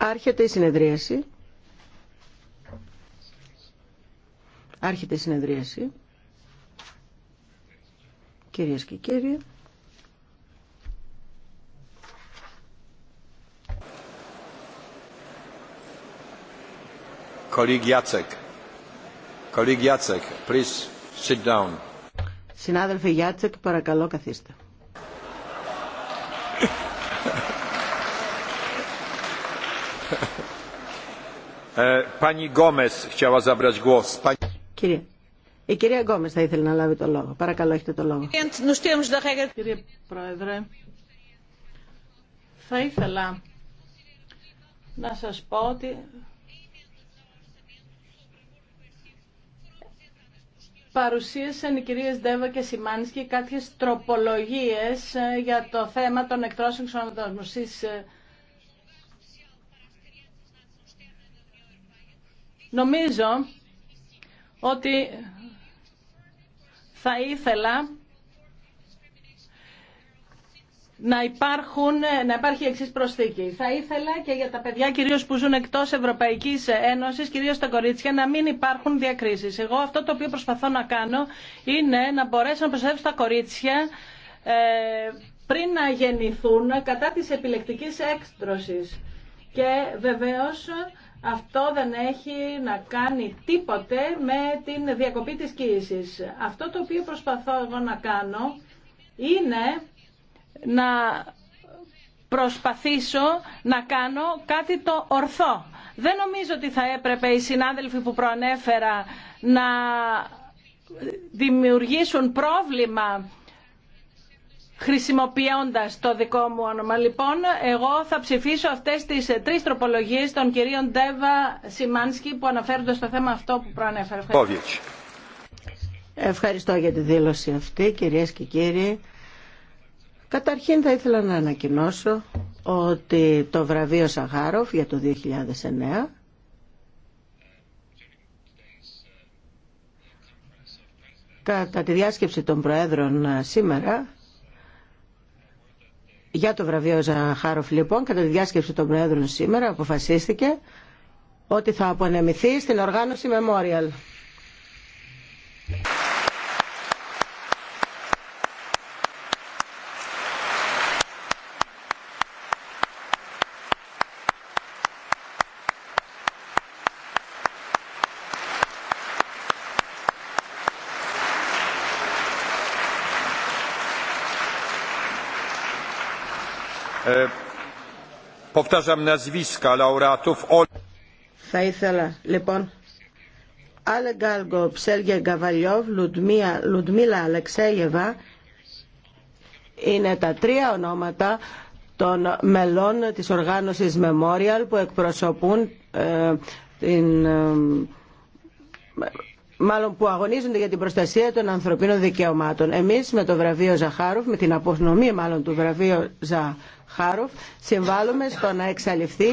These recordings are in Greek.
Άρχεται η συνεδρίαση. Άρχεται η συνεδρίαση. Κυρίες και κύριοι. Κολίγ Συνάδελφε Γιάτσεκ, παρακαλώ καθίστε. Ε, η κυρία Γκόμες θα ήθελε να λάβει το λόγο. Παρακαλώ, έχετε το λόγο. Κύριε Πρόεδρε, θα ήθελα να σας πω ότι παρουσίασαν οι κυρίες Ντέβα και Σιμάνσκι κάποιες τροπολογίες ε, για το θέμα των εκτρώσεων Εσείς... Ε, νομίζω ότι θα ήθελα να, υπάρχουν, να υπάρχει εξή προσθήκη. Θα ήθελα και για τα παιδιά κυρίως που ζουν εκτός Ευρωπαϊκής Ένωσης, κυρίως τα κορίτσια, να μην υπάρχουν διακρίσεις. Εγώ αυτό το οποίο προσπαθώ να κάνω είναι να μπορέσω να προστατεύσω τα κορίτσια ε, πριν να γεννηθούν κατά της επιλεκτικής έκστρωσης. Και βεβαίως αυτό δεν έχει να κάνει τίποτε με την διακοπή της κοίησης. Αυτό το οποίο προσπαθώ εγώ να κάνω είναι να προσπαθήσω να κάνω κάτι το ορθό. Δεν νομίζω ότι θα έπρεπε οι συνάδελφοι που προανέφερα να δημιουργήσουν πρόβλημα χρησιμοποιώντας το δικό μου όνομα. Λοιπόν, εγώ θα ψηφίσω αυτές τις τρεις τροπολογίες των κυρίων Ντέβα Σιμάνσκι που αναφέρονται στο θέμα αυτό που προανέφερα. Ευχαριστώ. για τη δήλωση αυτή, κυρίες και κύριοι. Καταρχήν θα ήθελα να ανακοινώσω ότι το βραβείο Σαχάροφ για το 2009 κατά τη διάσκεψη των Προέδρων σήμερα για το βραβείο Ζαχάροφ λοιπόν κατά τη διάσκεψη των Προέδρων σήμερα αποφασίστηκε ότι θα απονεμηθεί στην οργάνωση Memorial. Θα ήθελα λοιπόν Αλεγκάλγκο, Ψέργια Γκαβαλιόβ, Λουτμίλα Αλεξέγεβα είναι τα τρία ονόματα των μελών της οργάνωσης Memorial που εκπροσωπούν ε, την ε, μάλλον που αγωνίζονται για την προστασία των ανθρωπίνων δικαιωμάτων. Εμείς με το βραβείο Ζαχάροφ, με την αποσνομή μάλλον του βραβείου Ζαχάροφ, συμβάλλουμε στο να εξαλειφθεί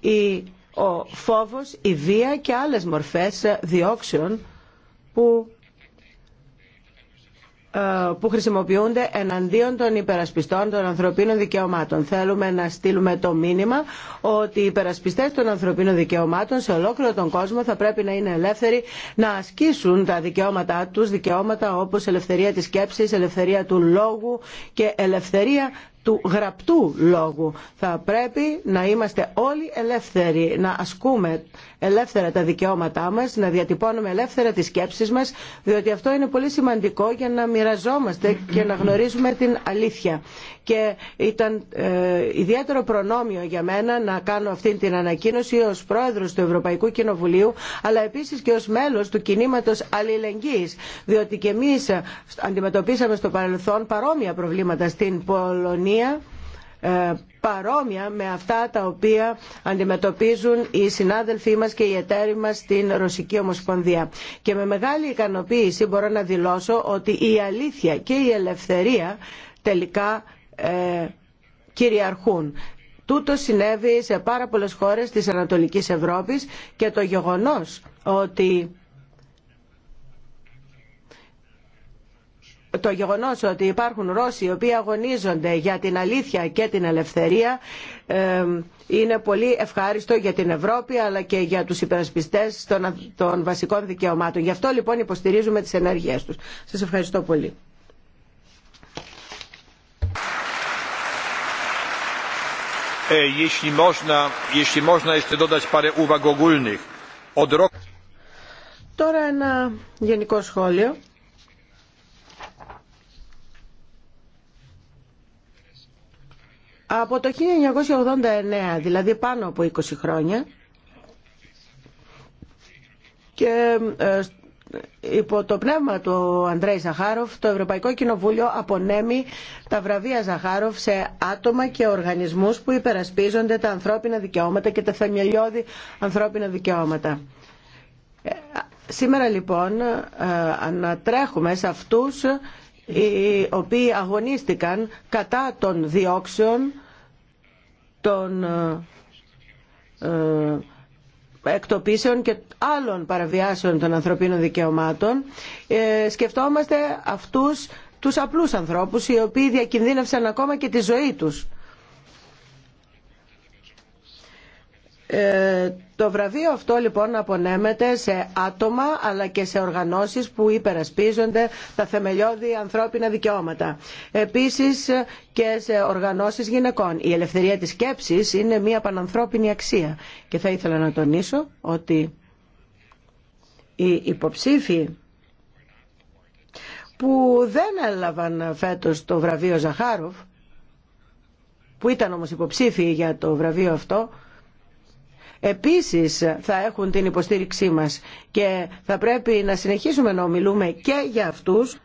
η, ο φόβος, η βία και άλλες μορφές διώξεων που ε, που χρησιμοποιούνται εναντίον των υπερασπιστών των ανθρωπίνων δικαιωμάτων. Θέλουμε να στείλουμε το μήνυμα ότι οι υπερασπιστές των ανθρωπίνων δικαιωμάτων σε ολόκληρο τον κόσμο θα πρέπει να είναι ελεύθεροι να ασκήσουν τα δικαιώματά του, δικαιώματα όπω ελευθερία τη σκέψη, ελευθερία του λόγου και ελευθερία του γραπτού λόγου. Θα πρέπει να είμαστε όλοι ελεύθεροι, να ασκούμε ελεύθερα τα δικαιώματά μας, να διατυπώνουμε ελεύθερα τις σκέψεις μας, διότι αυτό είναι πολύ σημαντικό για να μοιραζόμαστε και να γνωρίζουμε την αλήθεια. Και ήταν ε, ιδιαίτερο προνόμιο για μένα να κάνω αυτή την ανακοίνωση ως πρόεδρος του Ευρωπαϊκού Κοινοβουλίου, αλλά επίσης και ως μέλος του κινήματος αλληλεγγύης, διότι και εμείς αντιμετωπίσαμε στο παρελθόν παρόμοια προβλήματα στην Πολωνία ε, παρόμοια με αυτά τα οποία αντιμετωπίζουν οι συνάδελφοί μας και οι εταίροι μας στην Ρωσική Ομοσπονδία. Και με μεγάλη ικανοποίηση μπορώ να δηλώσω ότι η αλήθεια και η ελευθερία τελικά ε, κυριαρχούν. Τούτο συνέβη σε πάρα πολλές χώρες της Ανατολικής Ευρώπης και το γεγονός ότι το γεγονός ότι υπάρχουν Ρώσοι οι οποίοι αγωνίζονται για την αλήθεια και την ελευθερία ε, είναι πολύ ευχάριστο για την Ευρώπη αλλά και για τους υπερασπιστές των, βασικών δικαιωμάτων. Γι' αυτό λοιπόν υποστηρίζουμε τις ενέργειές τους. Σας ευχαριστώ πολύ. Ε, Τώρα ένα γενικό σχόλιο. Από το 1989, δηλαδή πάνω από 20 χρόνια, και ε, υπό το πνεύμα του Αντρέη Ζαχάροφ, το Ευρωπαϊκό Κοινοβούλιο απονέμει τα βραβεία Ζαχάροφ σε άτομα και οργανισμούς που υπερασπίζονται τα ανθρώπινα δικαιώματα και τα θεμελιώδη ανθρώπινα δικαιώματα. Ε, σήμερα λοιπόν ε, ανατρέχουμε σε αυτούς οι οποίοι αγωνίστηκαν κατά των διώξεων των ε, ε, εκτοπίσεων και άλλων παραβιάσεων των ανθρωπίνων δικαιωμάτων. Ε, σκεφτόμαστε αυτούς τους απλούς ανθρώπους οι οποίοι διακινδύνευσαν ακόμα και τη ζωή τους. Ε, το βραβείο αυτό λοιπόν απονέμεται σε άτομα αλλά και σε οργανώσεις που υπερασπίζονται τα θεμελιώδη ανθρώπινα δικαιώματα. Επίσης και σε οργανώσεις γυναικών. Η ελευθερία της σκέψης είναι μια πανανθρώπινη αξία. Και θα ήθελα να τονίσω ότι οι υποψήφοι που δεν έλαβαν φέτος το βραβείο Ζαχάροφ, που ήταν όμως υποψήφοι για το βραβείο αυτό, επίσης θα έχουν την υποστήριξή μας και θα πρέπει να συνεχίσουμε να ομιλούμε και για αυτούς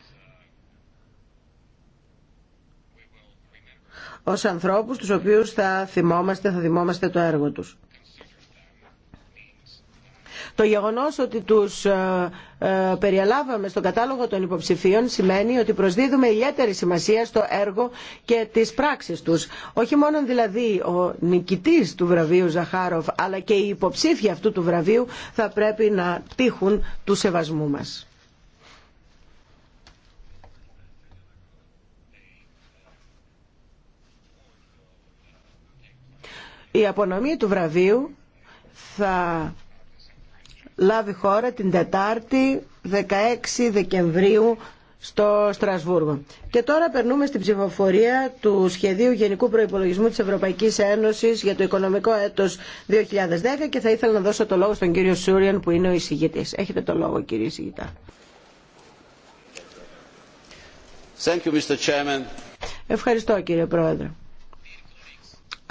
ως ανθρώπους τους οποίους θα θυμόμαστε, θα θυμόμαστε το έργο τους. Το γεγονός ότι τους ε, ε, περιελάβαμε στον κατάλογο των υποψηφίων σημαίνει ότι προσδίδουμε ιδιαίτερη σημασία στο έργο και τις πράξεις τους. Όχι μόνο δηλαδή ο νικητής του βραβείου Ζαχάροφ αλλά και οι υποψήφοι αυτού του βραβείου θα πρέπει να τύχουν του σεβασμού μας. Η απονομή του βραβείου θα λάβει χώρα την Τετάρτη 16 Δεκεμβρίου στο Στρασβούργο. Και τώρα περνούμε στην ψηφοφορία του σχεδίου Γενικού Προϋπολογισμού της Ευρωπαϊκής Ένωσης για το οικονομικό έτος 2010 και θα ήθελα να δώσω το λόγο στον κύριο Σούριαν που είναι ο εισηγητής. Έχετε το λόγο κύριε εισηγητά. Ευχαριστώ κύριε Πρόεδρε.